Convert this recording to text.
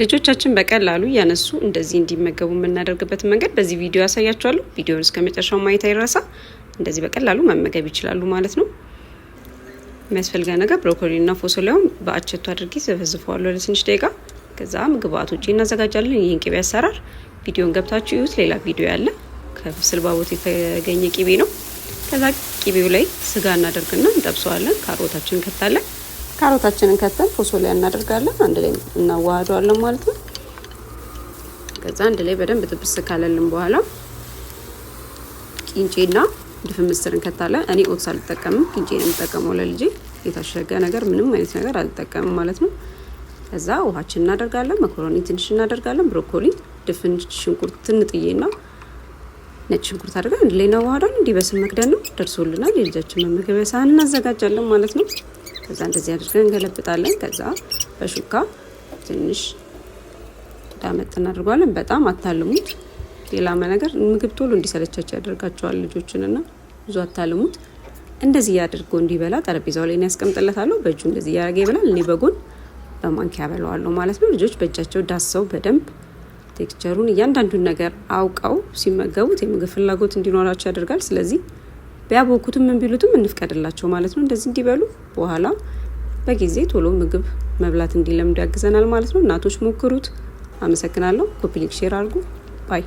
ልጆቻችን በቀላሉ እያነሱ እንደዚህ እንዲመገቡ የምናደርግበት መንገድ በዚህ ቪዲዮ ያሳያችኋለሁ። ቪዲዮን እስከ መጨረሻው ማየት አይረሳ። እንደዚህ በቀላሉ መመገብ ይችላሉ ማለት ነው። የሚያስፈልገ ነገር ብሮኮሊና ፎሶሊያውን በአቸቱ አድርጌ ዘፈዝፈዋለሁ ለትንሽ ደቂቃ። ከዛም ግብአት ውጪ እናዘጋጃለን። ይህን ቅቤ አሰራር ቪዲዮን ገብታችሁ ይዩት። ሌላ ቪዲዮ ያለ ከብስል ባቦት የተገኘ ቅቤ ነው። ከዛ ቅቤው ላይ ስጋ እናደርግና እንጠብሰዋለን። ካሮታችን እንከታለን። ካሮታችንን ከተን ፎሶሊያ እናደርጋለን። አንድ ላይ እናዋህደዋለን ማለት ነው። ከዛ አንድ ላይ በደንብ ጥብስ ካለልን በኋላ ቂንጬና ድፍን ምስር እንከታለን። እኔ ኦትስ አልጠቀምም፣ ቂንጬ ነው የምጠቀመው ለልጄ። የታሸገ ነገር ምንም አይነት ነገር አልጠቀምም ማለት ነው። ከዛ ውሃችን እናደርጋለን፣ መኮረኒ ትንሽ እናደርጋለን፣ ብሮኮሊ፣ ድፍን ሽንኩርት ትንጥዬና ነጭ ሽንኩርት አድርገን አንድ ላይ እናዋህዳለን። እንዲህ በስል መክደን ነው ደርሶልናል። የልጃችን መመገቢያ ሳህን እናዘጋጃለን ማለት ነው። ከዛ እንደዚህ አድርገን እንገለብጣለን። ከዛ በሹካ ትንሽ ዳመጥ እናድርገዋለን። በጣም አታልሙት። ሌላ ነገር ምግብ ቶሎ እንዲሰለቻቸው ያደርጋቸዋል ልጆችንና ብዙ አታልሙት። እንደዚህ እያደርጎ እንዲበላ ጠረጴዛው ላይ ያስቀምጥለታለሁ። በእጁ እንደዚህ እያደረገ ይበላል። እኔ በጎን በማንኪያ ያበለዋለሁ ማለት ነው። ልጆች በእጃቸው ዳሰው በደንብ ቴክስቸሩን እያንዳንዱን ነገር አውቀው ሲመገቡት የምግብ ፍላጎት እንዲኖራቸው ያደርጋል። ስለዚህ ቢያቦኩትም ምን ቢሉትም እንፍቀድላቸው ማለት ነው። እንደዚህ እንዲበሉ በኋላ በጊዜ ቶሎ ምግብ መብላት እንዲለምዱ ያግዘናል ማለት ነው። እናቶች ሞክሩት። አመሰግናለሁ። ኮፒ ሊንክ ሼር አድርጉ። ባይ